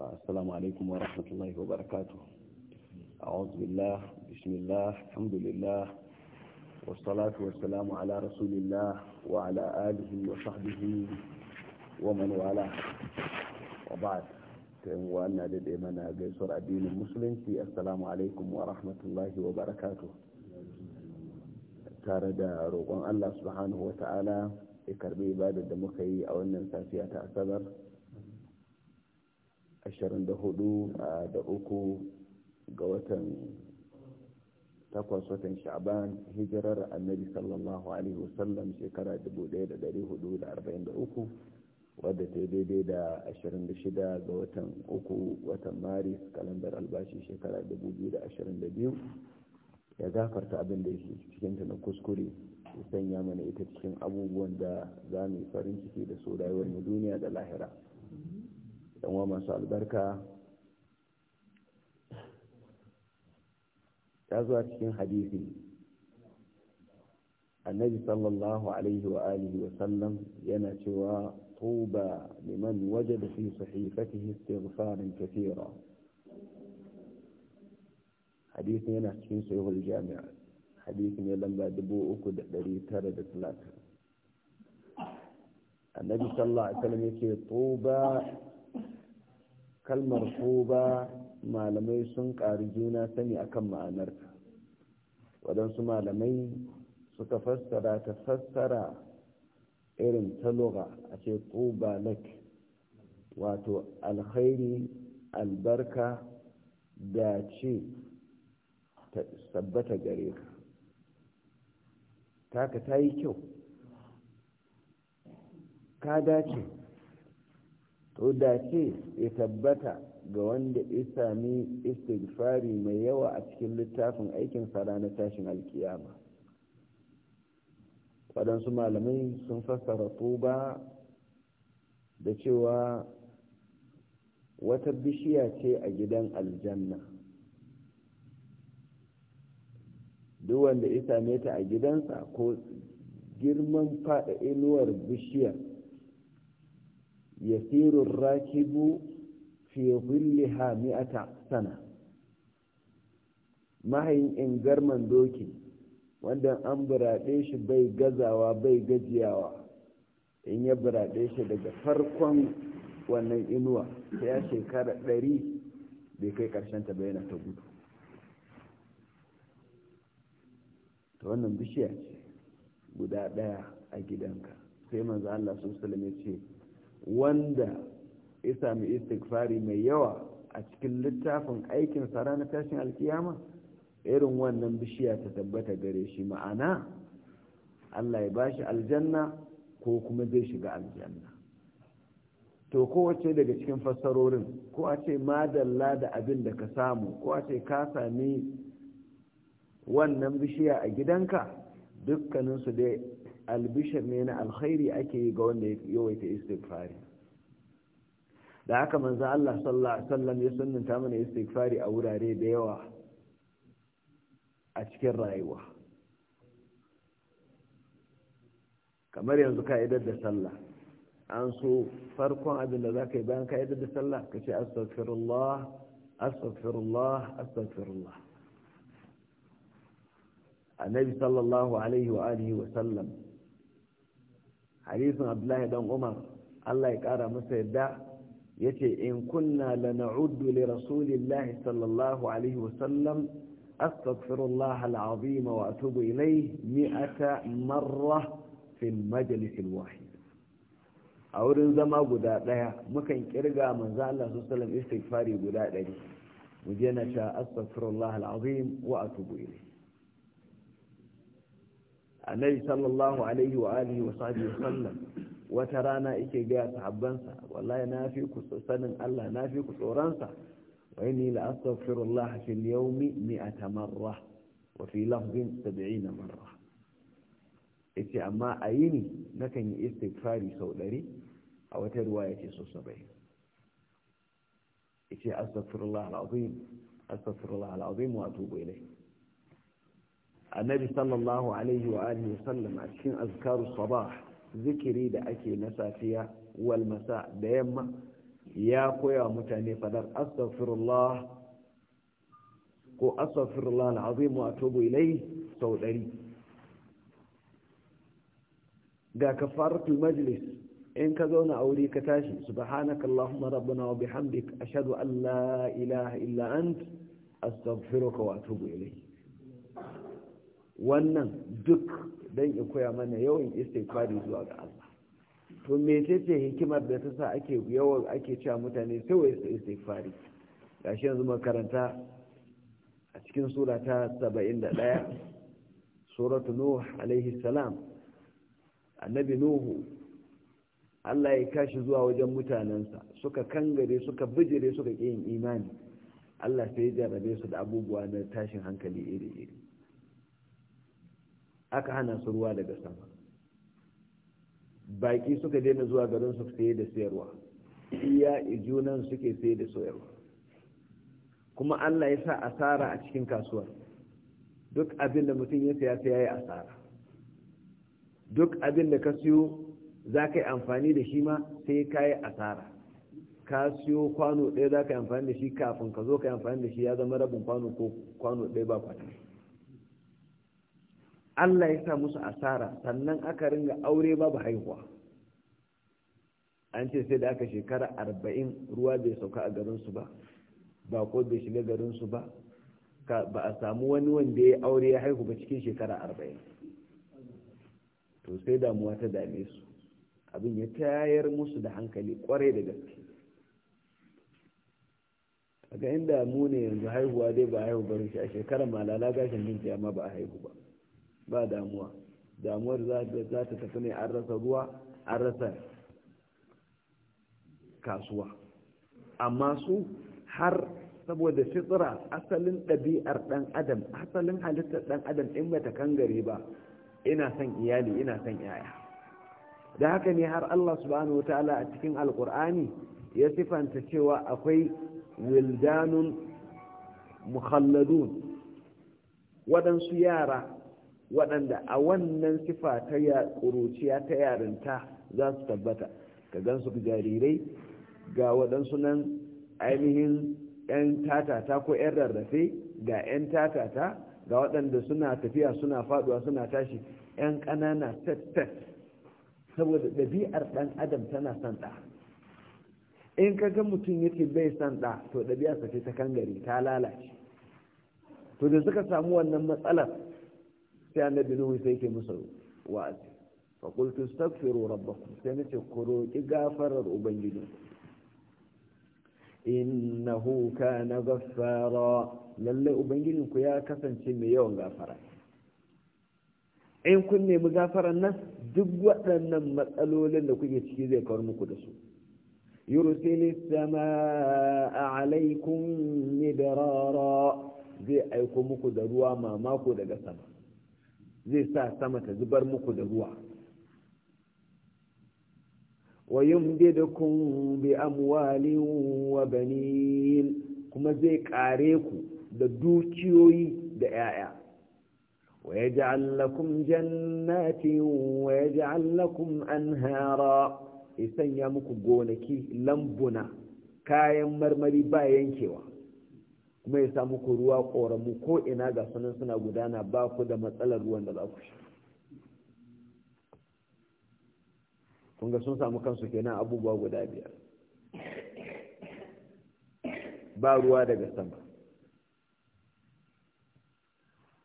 السلام عليكم ورحمة الله وبركاته أعوذ بالله بسم الله الحمد لله والصلاة والسلام على رسول الله وعلى آله وصحبه ومن والاه وبعد وأنا للإيمان منا الدين المسلم في السلام عليكم ورحمة الله وبركاته tare رغم الله سبحانه وتعالى wa بعد ya أو أن da تعتبر 24 da uku ga watan takwas watan sha'ban hijirar annabi sallallahu alaihi wasallam shekara 1443 wadda ta yi daidai da 26 ga watan uku watan maris kalandar albashi shekara 2022 ya gafarta abin da yake cikinta na kuskure ya sanya mana ita cikin abubuwan da za mu yi farin ciki da su rayuwar mu duniya da lahira dan wa masu albarka ya zuwa cikin hadisi annabi sallallahu alaihi wa alihi wa sallam yana cewa طوبى لمن وجد في صحيفته استغفارا كثيرا حديث هنا في صحيح الجامع حديث لما دبو أكد دري ترد ثلاثة النبي صلى الله عليه وسلم يقول طوبى kalmar huba malamai sun ƙari juna sani akan ma'anarta waɗansu malamai suka fassara ta fassara irin ta a ce tuba lak wato alkhairi albarka da ce tabbata gare ka taka ta yi kyau ka dace to da ce ya tabbata ga wanda ya sami istighfari mai yawa a cikin littafin aikin aikinsa ranar tashin alkiyama waɗansu malamai sun fassara tuba da cewa wata bishiya ce a gidan aljanna duk wanda ya same ta a gidansa ko girman faɗa inuwar bishiyar Yasirun rakibu fi zillaha mi'ata sana mahayin ingarman doki wanda an buraɗe shi bai gazawa bai gajiyawa in ya buraɗe shi daga farkon wannan inuwa ta ya shekara ɗari bai kai ƙarshen ta yana ta gudu ta wannan bishiya ce guda ɗaya a gidanka sai manzo Allah sun ya ce wanda ya sami istighfari mai yawa a cikin littafin aikin sara na tashin alkiyama irin wannan bishiya ta tabbata gare shi ma'ana Allah ya bashi aljanna ko kuma zai shiga aljanna to kowace daga cikin fassarorin ko a ce madalla da abin da ka samu ko a ce ka sami wannan bishiya a gidanka dukkaninsu dai البشر من الخير أكي قولنا يويت استغفاري لعك من ذا الله صلى الله عليه وسلم يسن تامن استغفاري أورا ري ديوة أشكر رأيوة كما ينزو كايدة دا صلى أنسو فرقوا عدل ذاك يبان كايدة دا صلى كشي أستغفر الله أستغفر الله أستغفر الله النبي صلى الله عليه وآله وسلم hadisin abdullahi dan umar allah ya kara masa yadda ya ce in kunna lana'uddu li rasulillahi sallallahu alaihi wasallam astaghfirullah al'azim wa atubu ilayhi mi'ata marra fi majlis al-wahid a wurin zama guda daya mukan kirga manzo Allah sallallahu alaihi wasallam istighfari guda 100 mu je na ta astaghfirullah al'azim wa atubu ilayhi annabi sallallahu alaihi wa alihi wa sahbihi wa sallam wata rana yake ga sahabbansa wallahi na fi ku sanin Allah na fi ku tsoronsa wa inni la astaghfirullah fi al-yawmi mi'ata marra wa fi lafzin 70 marra yace amma a yini nakan yi istighfari sau 100 a wata ruwaya ce so 70 yace astaghfirullah al-azim astaghfirullah al-azim wa atubu ilayhi annabi sallallahu alaihi wa alihi sallam a cikin azkaru sabah zikiri da ake na safiya wal masa da yamma ya koya mutane fadar astaghfirullah ko astaghfirullah alazim wa atubu ilayhi sau ɗari ga kafaratul majlis in ka zauna a wuri ka tashi subhanaka allahumma rabbana wa bihamdik ashhadu an la ilaha illa ant astaghfiruka wa atubu ilayhi wannan duk don in koya mana yawan istighfari zuwa ga Allah to me ce hikimar da ta sa ake yawan ake cewa mutane sai wa istighfari gashi yanzu makaranta a cikin sura ta ɗaya, suratu nuh alaihi salam annabi nuhu Allah ya kashi zuwa wajen mutanensa suka kangare suka bijire suka yin imani Allah sai ya jarabe su da abubuwa na tashin hankali iri-iri aka hana su ruwa daga sama baki suka daina zuwa garin su saye da sayarwa iya ijunan suke saye da sayarwa kuma Allah ya sa asara a cikin kasuwar duk abin da mutum ya saya sai ya yi asara duk abin da ka siyo za ka yi amfani da shi ma sai ka yi asara ka siyo kwano ɗaya za ka yi amfani da shi kafin ka zo ka yi amfani da shi ya zama rabin kwano ko kwano ɗaya ba kwata Allah ya sa musu asara sannan aka ringa aure babu haihuwa an ce sai da aka shekara arba'in ruwa bai sauka a garinsu ba ba ko bai shiga garinsu ba ba a samu wani wanda ya aure ya haihu ba cikin shekara arba'in to sai damuwa ta dame su abin ya tayar musu da hankali kwarai da gaske ga inda mu ne yanzu haihuwa dai ba haihu barin shi a shekarar malala gashin minti ma ba a haihu ba ba damuwa damuwar za ta tafi ne an rasa ruwa an rasa kasuwa amma su har saboda fitsira asalin ɗabi'ar ɗan adam asalin halittar ɗan adam in bata kangare ba ina son iyali ina son yaya da haka ne har Allah subhanahu wa ta'ala a cikin alkur'ani ya sifanta cewa akwai wildanun muhalladun waɗansu yara waɗanda a wannan sifa ta ƙuruciya ta yarinta za su tabbata ka su jarirai ga waɗansu nan ainihin 'yan tatata ko 'yan rarrafe ga 'yan tatata ga waɗanda suna tafiya suna faɗuwa suna tashi 'yan ƙanana tattat saboda ɗabi'ar ɗan adam tana son ɗa in ka ga mutum yake bai son ɗa to ɗabi'arsa ce ta kangare ta lalace to da suka samu wannan matsalar sai annabi nuhu sai yake musu wa'azi fa qultu astaghfiru rabbakum sai nace ku roƙi gafarar ubangiji innahu kana ghaffara lalle ubangijin ku ya kasance mai yawan gafara in kun nemi gafarar nan duk waɗannan matsalolin da kuke ciki zai kawar muku da su sama a alaikun midrara zai aiko muku da ruwa mamako daga sama zai sa sama ta zubar muku da ruwa wa yumdidukum bi amwalin wa banin kuma zai kare ku da dukiyoyi da 'ya'ya wa yaj'al lakum jannatin wa yaj'al lakum anhara ya sanya muku gonaki lambuna kayan marmari ba yankewa kuma ya sa muku ruwa ƙoramu ko ina ga sunan suna gudana ba ku da matsalar ruwan da za ku sha kunga sun samu kansu kenan abubuwa guda biyar ba ruwa daga sama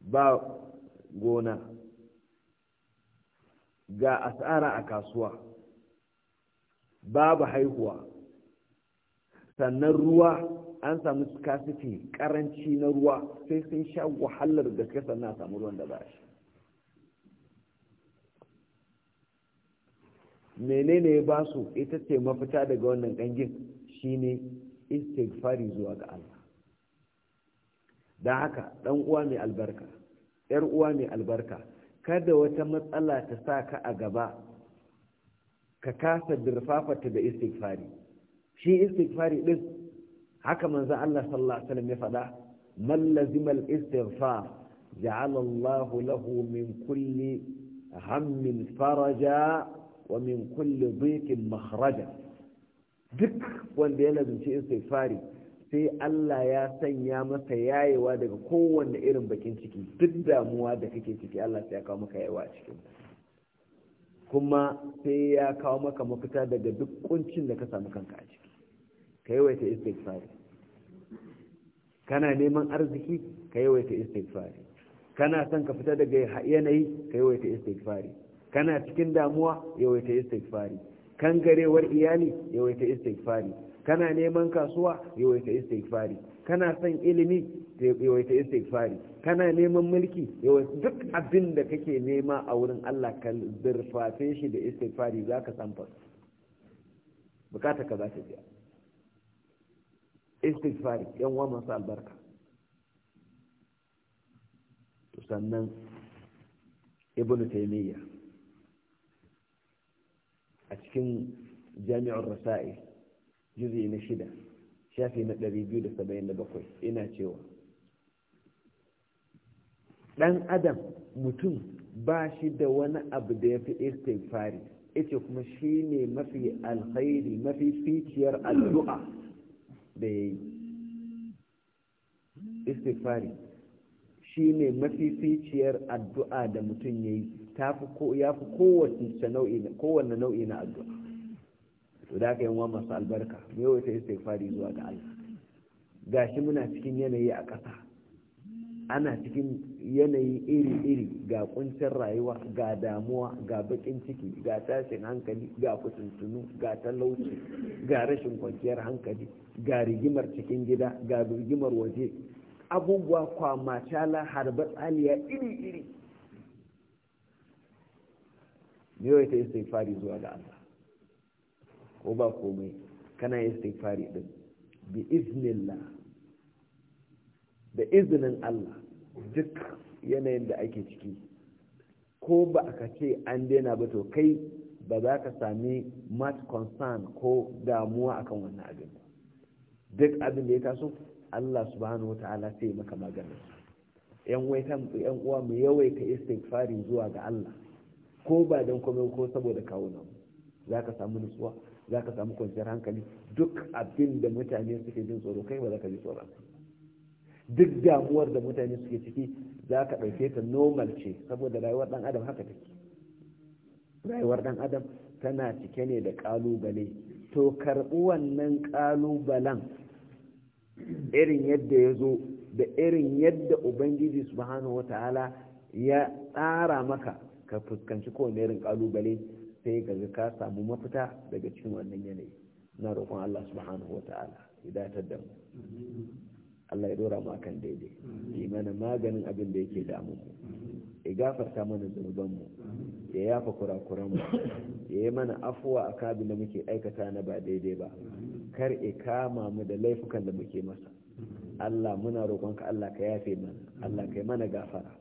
ba gona ga asara a kasuwa babu haihuwa sannan ruwa an samu scarcity karanci na ruwa sai sun sha wahalar gaske sannan a samu ruwan da ba shi menene ya ba su ita ce mafita daga wannan Shi shine istighfari zuwa ga Allah da haka dan uwa mai albarka yar uwa mai albarka kada wata matsala ta sa ka a gaba ka kasa dirfafata da istighfari shi istighfari din haka manzo Allah sallallahu alaihi wasallam ya faɗa man lazimal istighfar ja'ala Allahu lahu min kulli hammin faraja wa min kulli dhiqin makhraja duk wanda ya lazimci istighfari sai Allah ya sanya masa yayewa daga kowanne irin bakin ciki duk damuwa da kake ciki Allah sai ya kawo maka yayewa a cikin kuma sai ya kawo maka mafita daga duk kuncin da ka samu kanka a ciki ka yawaita istighfari kana neman arziki ka yawaita istighfari kana son ka fita daga yanayi ka yawaita istighfari kana cikin damuwa yawaita istighfari kangarewar iyali yawaita istighfari kana neman kasuwa yawaita istighfari kana son ilimi yawaita istighfari kana neman mulki yawaita duk abin da kake nema a wurin Allah ka zurfafe shi da istighfari zaka ka fa bukata ka za ta biya istighfari yan uwa masu albarka to sannan ibnu taymiya a cikin jami'ar rasa'i juzi na shida shafi na 277 ina cewa dan adam mutum ba shi da wani abu da ya fi istighfari ita kuma shi ne mafi alkhairi mafi fitiyar addu'a da ya yi istifari shi ne mafificiyar addu'a da mutum ya yi ya fi kowanne nau'i na addu'a to da aka yi wa masu albarka mai wata istifari zuwa ga Allah gashi muna cikin yanayi a ƙasa ana cikin yanayi iri-iri ga kuncin rayuwa ga damuwa ga bakin ciki ga tashin hankali ga kusuntunu ga talauci ga rashin kwanciyar hankali ga rigimar cikin gida ga rigimar waje abubuwa kwama shala harba tsaliya iri-iri yawai ta istighfari zuwa ga Allah ko ba komai kana istighfari din bi iznillah da izinin Allah duk yanayin da ake ciki ko ba aka ce an daina ba to kai ba za ka sami mat concern ko damuwa akan wannan abin duk abin da ya taso Allah subhanahu wata'ala sai maka maganin yan uwa mu yawaita istighfari zuwa ga Allah ko ba don komai ko saboda nan za ka samu nutsuwa za ka samu kwanciyar hankali duk abin da mutane suke jin tsoro kai ba za ka ji tsoron duk damuwar da mutane suke ciki za ka ɗauke ta normal ce saboda rayuwar ɗan adam haka take rayuwar ɗan adam tana cike ne da ƙalubale to karɓi wannan ƙalubalen irin yadda ya zo da irin yadda ubangiji subhanahu wa ta'ala ya tsara maka ka fuskanci kowane irin ƙalubale sai ga ka samu mafita daga cikin wannan yanayi na roƙon allah subhanahu wa ta'ala ya datar da mu Allah ya dora mu akan daidai yi mana maganin abin da yake damu mu ya gafarta mana zunuban mu ya yafa kurakuran mu ya yi mana afuwa a kabin da muke aikata na ba daidai ba kar ya kama mu da laifukan da muke masa Allah muna roƙonka Allah ka yafe mana Allah ka yi mana gafara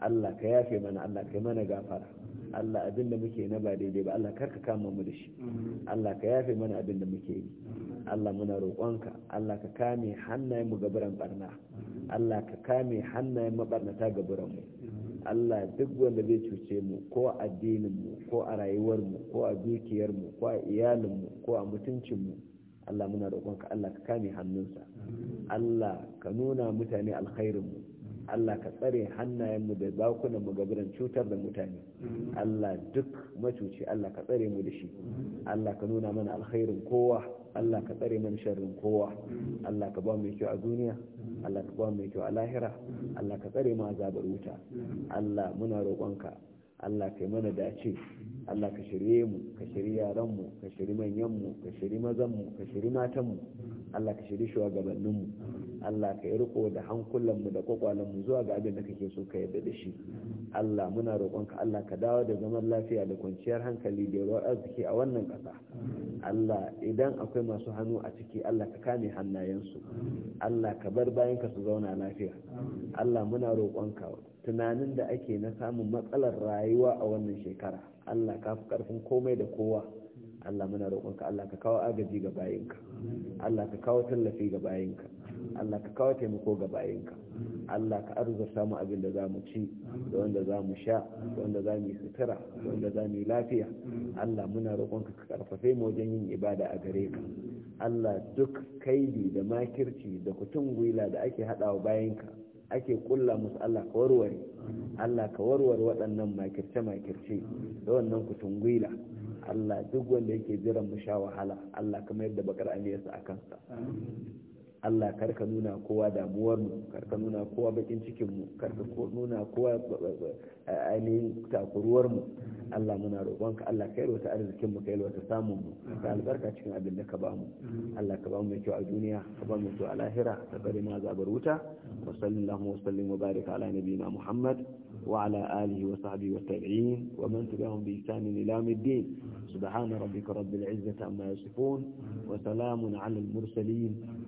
Allah ka yafe mana Allah ka yi mana gafara Allah abin da muke na ba daidai ba Allah kar ka kama mu da shi Allah ka yafe mana abin da muke yi Allah muna roƙonka Allah ka kame hannayen mu gaburan barna Allah ka kame hannayen mabarnata gaburan mu Allah duk wanda zai cuce mu ko a addinin mu ko a rayuwar mu ko a dukiyar mu ko a iyalin mu ko a mutuncin mu Allah muna roƙonka Allah ka kame hannunsa Allah ka nuna mutane alkhairin mu Allah ka tsare hannayenmu da bakunanmu gaburan cutar da mutane Allah duk macuci Allah ka tsare mu da shi Allah ka nuna mana alkhairin kowa Allah ka tsare mana sharrin kowa Allah ka ba mu kyau a duniya Allah ka ba mu kyau a lahira Allah ka tsare mu azabar wuta Allah muna roƙonka Allah kai mana dace Allah ka shirye mu ka shirye yaranmu ka shirye manyanmu ka shirye mazanmu ka shirye matanmu Allah ka shirye shugabanninmu Allah ka yi riko da hankulanmu da kwakwalanmu zuwa ga abin da kake so ka yarda da shi Allah muna roƙonka Allah ka dawo da zaman lafiya da kwanciyar hankali da yawar arziki a wannan ƙasa Allah idan akwai masu hannu a ciki Allah ka kame hannayensu Allah ka bar bayanka su zauna lafiya Allah muna roƙonka tunanin da ake na samun matsalar rayuwa a wannan shekara Allah ka fi ƙarfin komai da kowa Allah muna roƙonka Allah ka kawo agaji ga bayinka Allah ka kawo tallafi ga bayinka Allah ka kawo taimako ga bayinka Allah ka arzuta mu abin da za mu ci da wanda za mu sha da wanda za mu yi sutura da wanda za mu yi lafiya Allah muna roƙonka ka karfafe mu wajen yin ibada a gare ka Allah duk kaidi da makirci da kutun gwila da ake haɗawa bayinka ake kulla musu Allah ka warware Allah ka warware waɗannan makirce-makirce da wannan kutun gwila Allah duk wanda yake jiran mu sha wahala Allah kamar yadda bakar aniyarsa a kansa Allah karka nuna kowa damuwarmu karka nuna kowa bakin cikinmu karka nuna kowa eh, ainihin takuruwarmu Allah muna roƙonka Allah ka wata arzikin mu kai yarwata samun mu ka albarka cikin abin da ka ba mu Allah ka ba mu kyau a duniya ka ba mu kyau a lahira ka bari ma zabar wuta wa sallallahu wa sallim wa barika ala nabiyina Muhammad wa ala alihi wa sahbihi wa tabi'in wa man tabi'ahum bi ihsan ila yawmiddin subhana rabbika rabbil izzati amma yasifun wa salamun ala al mursalin